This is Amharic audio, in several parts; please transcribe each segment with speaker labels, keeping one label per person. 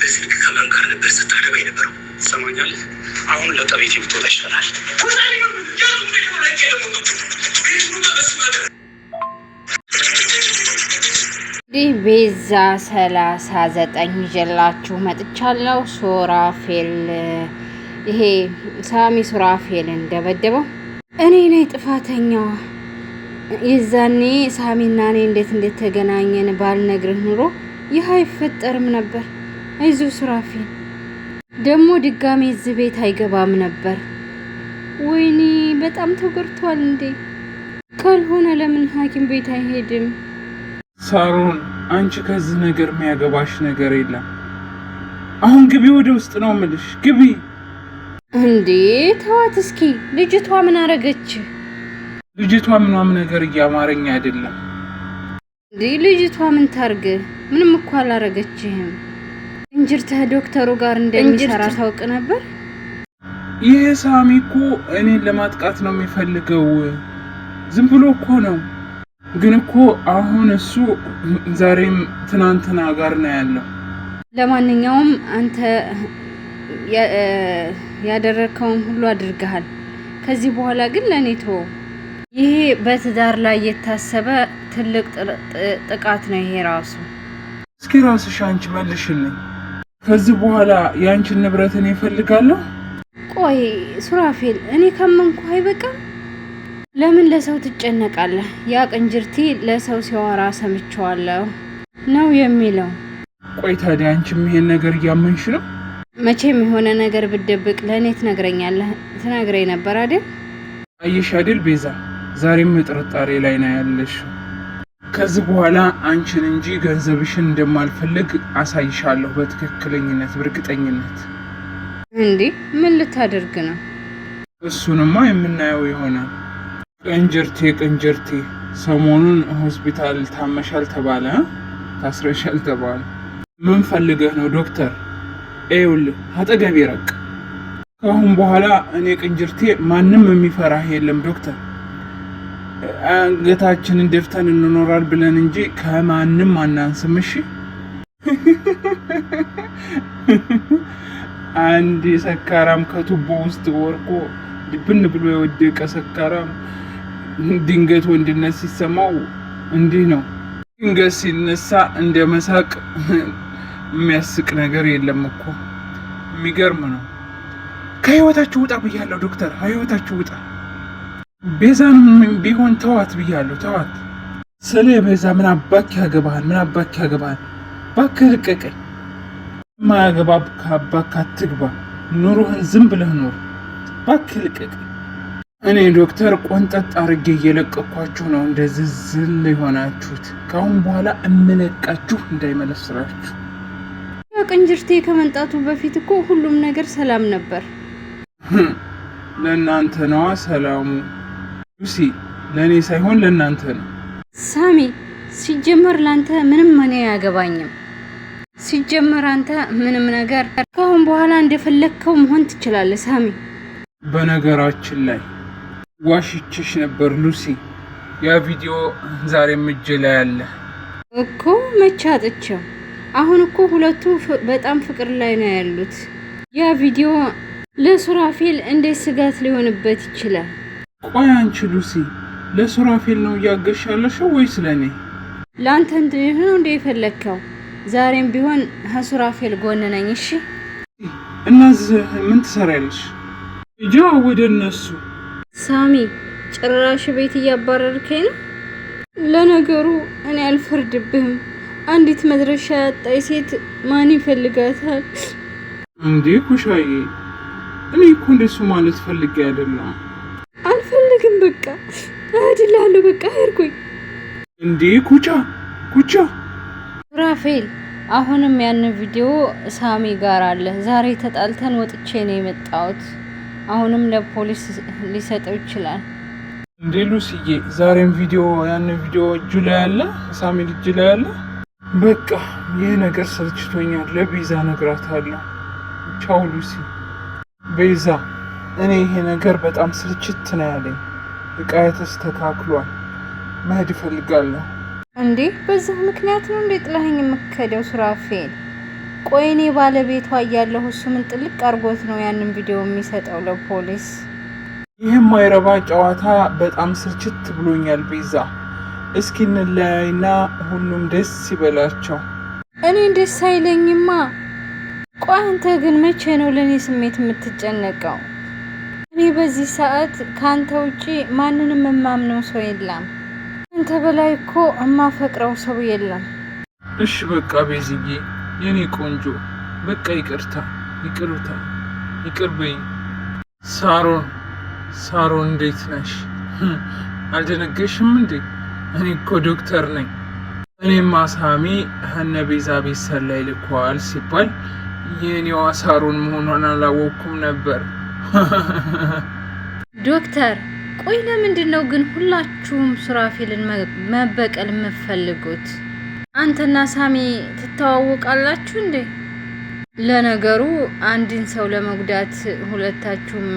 Speaker 1: በስልክ ከማን ጋር ነበር ስታደባ የነበረው? ሰማኛል። አሁን ለጠቤት ብትወጣ ይሻላል።
Speaker 2: እንግዲህ ቤዛ ሰላሳ ዘጠኝ ይዤላችሁ መጥቻለሁ። ሱራፌል ይሄ ሳሚ ሱራፌልን ደበደበው። እኔ ነኝ ጥፋተኛዋ። የዛኔ ሳሚና እኔ እንዴት እንደተገናኘን ባልነግርህ ኑሮ ይህ አይፈጠርም ነበር። አይዞ ሱራፌል ደግሞ ድጋሜ እዚህ ቤት አይገባም ነበር። ወይኔ በጣም ተጎድቷል እንዴ! ካልሆነ ለምን ሐኪም ቤት አይሄድም?
Speaker 3: ሳሮን አንቺ ከዚህ ነገር የሚያገባሽ ነገር የለም። አሁን ግቢ፣ ወደ ውስጥ ነው ምልሽ፣ ግቢ።
Speaker 2: እንዴ ተዋት እስኪ፣ ልጅቷ ምን አረገች?
Speaker 3: ልጅቷ ምኗም ነገር እያማረኝ አይደለም።
Speaker 2: እንዴ ልጅቷ ምን ታርግ? ምንም እኮ አላረገችህም። እንጅርትህ ዶክተሩ ጋር እንደሚሰራ ታውቅ ነበር።
Speaker 3: ይህ ሳሚ እኮ እኔን ለማጥቃት ነው የሚፈልገው። ዝም ብሎ እኮ ነው። ግን እኮ አሁን እሱ ዛሬም ትናንትና ጋር ነው ያለው።
Speaker 2: ለማንኛውም አንተ ያደረከውን ሁሉ አድርገሃል። ከዚህ በኋላ ግን ለእኔ ተወው። ይህ በትዳር ላይ የታሰበ ትልቅ ጥቃት ነው። ይሄ ራሱ
Speaker 3: እስኪ ራስሽ አንቺ መልሽልኝ። ከዚህ በኋላ የአንቺን ንብረት እኔ እፈልጋለሁ።
Speaker 2: ቆይ ሱራፌል፣ እኔ ከመንኩ አይበቃም? ለምን ለሰው ትጨነቃለህ? ያ ቅንጅርቲ ለሰው ሲያወራ ሰምቼዋለሁ ነው የሚለው።
Speaker 3: ቆይ ታዲያ አንቺም ይሄን ነገር እያመንሽ ነው?
Speaker 2: መቼም የሆነ ነገር ብደብቅ ለእኔ ትነግረኛለህ። ትነግረኝ ነበር አይደል?
Speaker 3: አየሽ አይደል ቤዛ ዛሬም ጥርጣሬ ላይ ነው ያለሽ። ከዚህ በኋላ አንቺን እንጂ ገንዘብሽን እንደማልፈልግ አሳይሻለሁ በትክክለኝነት በእርግጠኝነት።
Speaker 2: እንዴ ምን ልታደርግ ነው?
Speaker 3: እሱንማ የምናየው ይሆናል። ቅንጅርቴ ቅንጅርቴ፣ ሰሞኑን ሆስፒታል ታመሻል ተባለ፣ ታስረሻል ተባለ። ምን ፈልገህ ነው ዶክተር? ኤውል አጠገቤ ረቅ። ከአሁን በኋላ እኔ ቅንጅርቴ ማንም የሚፈራህ የለም ዶክተር አንገታችንን ደፍተን እንኖራል ብለን እንጂ ከማንም አናንስም። እሺ አንድ ሰካራም ከቱቦ ውስጥ ወርቆ ድብን ብሎ የወደቀ ሰካራም ድንገት ወንድነት ሲሰማው እንዲህ ነው። ድንገት ሲነሳ እንደ መሳቅ የሚያስቅ ነገር የለም እኮ። የሚገርም ነው። ከህይወታችሁ ውጣ ብያለሁ ዶክተር፣ ከህይወታችሁ ውጣ። ቤዛን ቢሆን ተዋት ብያለሁ፣ ተዋት። ስለ ቤዛ ምን አባክ ያገባሃል? ምን አባክ ያገባሃል? እባክህ ልቀቀኝ። ማያገባ አባክ አትግባ። ኑሮህን ዝም ብለህ ኑር። እባክህ ልቀቀኝ። እኔ ዶክተር ቆንጠጥ አድርጌ እየለቀኳችሁ ነው። እንደዚህ ዝል የሆናችሁት ከአሁን በኋላ እምለቃችሁ እንዳይመለስላችሁ።
Speaker 2: ቅንጅርቴ ከመንጣቱ በፊት እኮ ሁሉም ነገር ሰላም ነበር።
Speaker 3: ለእናንተ ነዋ ሰላሙ። ሉሲ ለእኔ ሳይሆን ለእናንተ ነው።
Speaker 2: ሳሚ ሲጀመር ለአንተ ምንም እኔ አያገባኝም። ሲጀመር አንተ ምንም ነገር ከአሁን በኋላ እንደፈለግከው መሆን ትችላለህ ሳሚ።
Speaker 3: በነገራችን ላይ ዋሽችሽ ነበር ሉሲ። ያ ቪዲዮ ዛሬ እጄ ላይ አለ
Speaker 2: እኮ መቻጥቸው። አሁን እኮ ሁለቱ በጣም ፍቅር ላይ ነው ያሉት። ያ ቪዲዮ ለሱራፌል እንዴት ስጋት ሊሆንበት ይችላል?
Speaker 3: ቆይ አንቺ ሉሲ ለሱራፌል ነው እያገሽ ያለሽው ወይስ ለእኔ?
Speaker 2: ለአንተ እንድንህ ይሁን እንደ የፈለግከው። ዛሬም ቢሆን ከሱራፌል ጎን ነኝ። እሺ።
Speaker 3: እናዚህ ምን ትሰሪያለሽ? እጃ ወደ እነሱ
Speaker 2: ሳሚ፣ ጭራሽ ቤት እያባረርከኝ ነው። ለነገሩ እኔ አልፈርድብህም። አንዲት መድረሻ ያጣይ ሴት ማን ይፈልጋታል?
Speaker 3: እንዴ ኩሻዬ፣ እኔ እኮ እንደሱ ማለት ፈልጌ አይደለም
Speaker 2: በቃ እህድልሃለሁ። በቃ እርኩኝ
Speaker 3: እንዴ! ኩቻ ኩቻ
Speaker 2: ራፌል አሁንም ያን ቪዲዮ ሳሚ ጋር አለ። ዛሬ ተጣልተን ወጥቼ ነው የመጣሁት። አሁንም ለፖሊስ ሊሰጠው ይችላል።
Speaker 3: እንዴ ሉሲዬ፣ ዛሬም ቪዲዮ ያን ቪዲዮ እጁ ላይ አለ፣ ሳሚ እጅ ላይ አለ። በቃ ይህ ነገር ሰልችቶኛል። ለቤዛ ነግራታለሁ። ቻው ሉሲ። ቤዛ፣ እኔ ይሄ ነገር በጣም ስልችት ነው ያለኝ። እቃ ተስተካክሏል። መሄድ እፈልጋለሁ።
Speaker 2: እንዴ በዚህ ምክንያት ነው እንዴ ጥለኸኝ የምከደው ሱራፌል? ቆይ እኔ ባለቤቷ እያለሁ እሱ ምን ጥልቅ አርጎት ነው ያንን ቪዲዮ የሚሰጠው ለፖሊስ?
Speaker 3: ይህም ማይረባ ጨዋታ በጣም ስርችት ብሎኛል ቤዛ። እስኪ እንለያይና ሁሉም ደስ ይበላቸው።
Speaker 2: እኔ ደስ አይለኝማ። ቆይ አንተ ግን መቼ ነው ለእኔ ስሜት የምትጨነቀው? እኔ በዚህ ሰዓት ከአንተ ውጪ ማንንም የማምነው ሰው የለም። አንተ በላይ እኮ የማፈቅረው ሰው የለም።
Speaker 3: እሺ በቃ ቤዝዬ፣ የኔ ቆንጆ፣ በቃ ይቅርታ፣ ይቅርታ፣ ይቅር በይ። ሳሮን፣ ሳሮን እንዴት ነሽ? አልደነገሽም እንዴ? እኔ እኮ ዶክተር ነኝ። እኔም አሳሚ ሀነ ቤዛ ቤት ሰላይ ልኳል ሲባል የኔዋ ሳሮን መሆኗን አላወቅኩም ነበር።
Speaker 2: ዶክተር ቆይ ለምንድን ነው ግን ሁላችሁም ሱራፌልን መበቀል የምትፈልጉት? አንተና ሳሚ ትተዋወቃላችሁ እንዴ? ለነገሩ አንድን ሰው ለመጉዳት ሁለታችሁም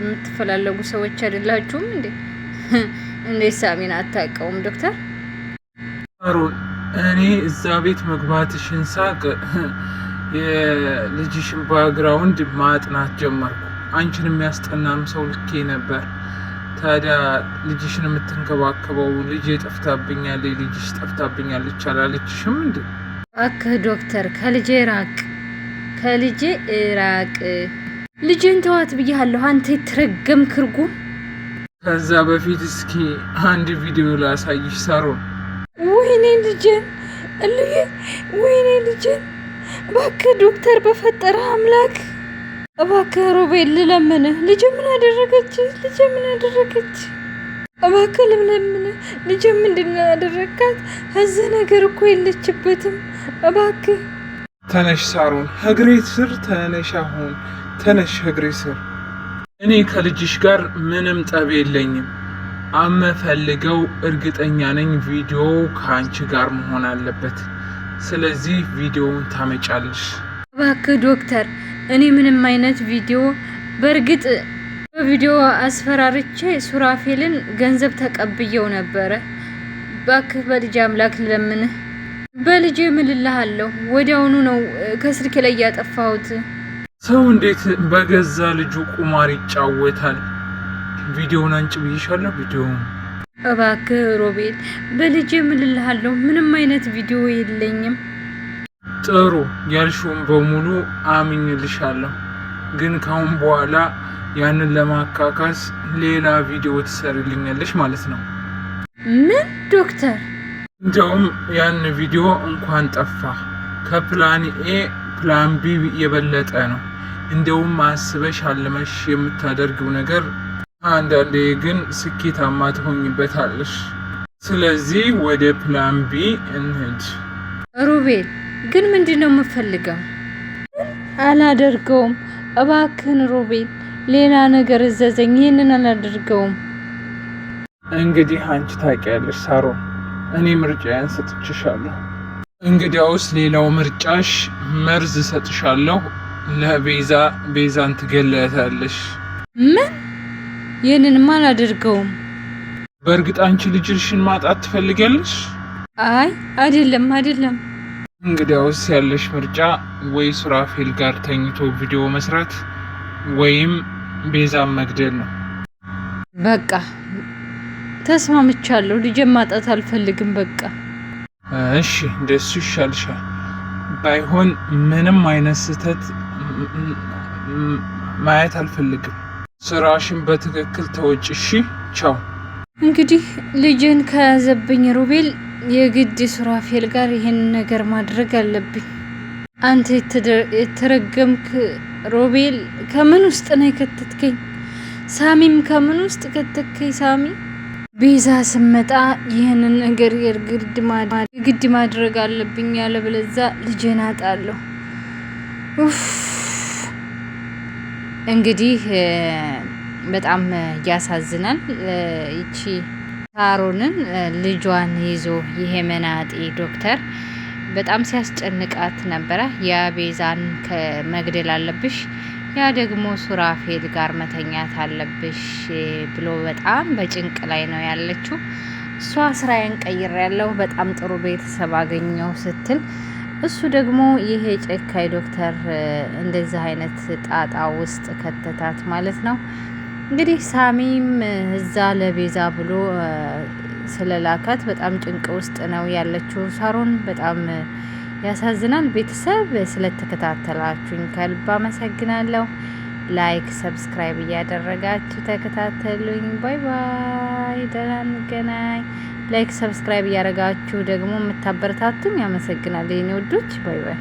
Speaker 2: የምትፈላለጉ ሰዎች አይደላችሁም እንዴ? እንዴት ሳሚን አታውቀውም ዶክተር?
Speaker 3: እኔ እዛ ቤት መግባትሽን ሳቅ የልጅሽን ባግራውንድ ማጥናት ጀመርኩ። አንቺን የሚያስጠናም ሰው ልኬ ነበር። ታዲያ ልጅሽን የምትንከባከበው ልጅ ጠፍታብኛል፣ ልጅሽ ጠፍታብኛል ይቻላል ልጅሽም እንዴ?
Speaker 2: እባክህ ዶክተር ከልጄ ራቅ፣ ከልጄ ራቅ፣ ልጅን ተዋት ብያለሁ። አንተ የተረገም ክርጉ።
Speaker 3: ከዛ በፊት እስኪ አንድ ቪዲዮ ላሳይሽ ሳሮን።
Speaker 2: ወይኔ ልጄን፣ ወይኔ ልጄን እባክህ ዶክተር፣ በፈጠረ አምላክ እባክህ ሮቤል ልለምንህ። ልጄ ምን አደረገች? ልጄ ምን አደረገች? እባክህ ልለምንህ። ልጄ ምንድን ነው እዚህ ነገር እኮ የለችበትም። እባክህ
Speaker 3: ተነሽ ሳሮን፣ እግሬ ስር ተነሽ። አሁን ተነሽ እግሬ ስር። እኔ ከልጅሽ ጋር ምንም ጠብ የለኝም። አመፈልገው እርግጠኛ ነኝ ቪዲዮ ከአንቺ ጋር መሆን አለበት። ስለዚህ ቪዲዮውን ታመጫለሽ።
Speaker 2: እባክህ ዶክተር፣ እኔ ምንም አይነት ቪዲዮ በእርግጥ በቪዲዮ አስፈራርቼ ሱራፌልን ገንዘብ ተቀብየው ነበረ። እባክህ በልጅ አምላክ ልለምንህ፣ በልጄ ምልልሃለሁ። ወዲያውኑ ነው ከስልክ ላይ ያጠፋሁት።
Speaker 3: ሰው እንዴት በገዛ ልጁ ቁማር ይጫወታል? ቪዲዮውን አንጭ ብይሻለሁ። ቪዲዮውን
Speaker 2: እባክህ ሮቤል በልጄ ምልልሃለሁ፣ ምንም አይነት ቪዲዮ የለኝም።
Speaker 3: ጥሩ ያልሽውን በሙሉ አምኝልሻለሁ፣ ግን ካሁን በኋላ ያንን ለማካካስ ሌላ ቪዲዮ ትሰሪልኛለሽ ማለት ነው።
Speaker 2: ምን ዶክተር?
Speaker 3: እንዲያውም ያን ቪዲዮ እንኳን ጠፋ። ከፕላን ኤ ፕላን ቢ የበለጠ ነው። እንዲያውም አስበሽ አልመሽ የምታደርገው ነገር አንዳንዴ ግን ስኬታማ ትሆኝበታለሽ። ስለዚህ ወደ ፕላን ቢ እንሂድ።
Speaker 2: ሩቤል ግን ምንድን ነው የምፈልገው? አላደርገውም። እባክን ሩቤል ሌላ ነገር እዘዘኝ። ይህንን አላደርገውም።
Speaker 3: እንግዲህ አንቺ ታውቂያለሽ ሳሮ፣ እኔ ምርጫዬን ሰጥቼሻለሁ። እንግዲያውስ ሌላው ምርጫሽ መርዝ ሰጥሻለሁ። ለቤዛ ቤዛን ትገለታለሽ።
Speaker 2: ምን ይህንንም አላደርገውም።
Speaker 3: በእርግጥ አንቺ ልጅሽን ማጣት ትፈልጊያለሽ?
Speaker 2: አይ አይደለም፣ አይደለም።
Speaker 3: እንግዲያውስ ያለሽ ምርጫ ወይ ሱራፌል ጋር ተኝቶ ቪዲዮ መስራት ወይም ቤዛን መግደል ነው።
Speaker 2: በቃ ተስማምቻለሁ። ልጄን ማጣት አልፈልግም። በቃ
Speaker 3: እሺ፣ እንደሱ ይሻልሻል። ባይሆን ምንም አይነት ስህተት ማየት አልፈልግም። ስራሽን በትክክል ተወጭሽ እሺ ቻው።
Speaker 2: እንግዲህ ልጅን ከያዘብኝ ሩቤል የግድ ሱራፌል ጋር ይህን ነገር ማድረግ አለብኝ። አንተ የተረገምክ ሮቤል ከምን ውስጥ ነው የከተትከኝ? ሳሚም ከምን ውስጥ ከተትከኝ? ሳሚ ቤዛ ስመጣ ይህንን ነገር የግድ ማድረግ አለብኝ፣ ያለበለዚያ ልጄን አጣለሁ። እንግዲህ በጣም ያሳዝናል። ይቺ ሳሮንን ልጇን ይዞ ይሄ መናጤ ዶክተር በጣም ሲያስጨንቃት ነበረ። ቤዛን መግደል አለብሽ፣ ያ ደግሞ ሱራፌል ጋር መተኛት አለብሽ ብሎ በጣም በጭንቅ ላይ ነው ያለችው። እሷ ስራዬን ቀይሬያለሁ፣ በጣም ጥሩ ቤተሰብ አገኘው ስትል እሱ ደግሞ ይሄ ጨካኝ ዶክተር እንደዚህ አይነት ጣጣ ውስጥ ከተታት ማለት ነው። እንግዲህ ሳሚም እዛ ለቤዛ ብሎ ስለላካት በጣም ጭንቅ ውስጥ ነው ያለችው ሳሮን። በጣም ያሳዝናል። ቤተሰብ ስለተከታተላችሁኝ ከልብ አመሰግናለሁ። ላይክ፣ ሰብስክራይብ እያደረጋችሁ ተከታተሉኝ። ባይ ባይ። ደህና እንገናኝ። ላይክ፣ ሰብስክራይብ እያደረጋችሁ ደግሞ የምታበረታቱኝ ያመሰግናል። የኔ ወዶች ባይ ባይ።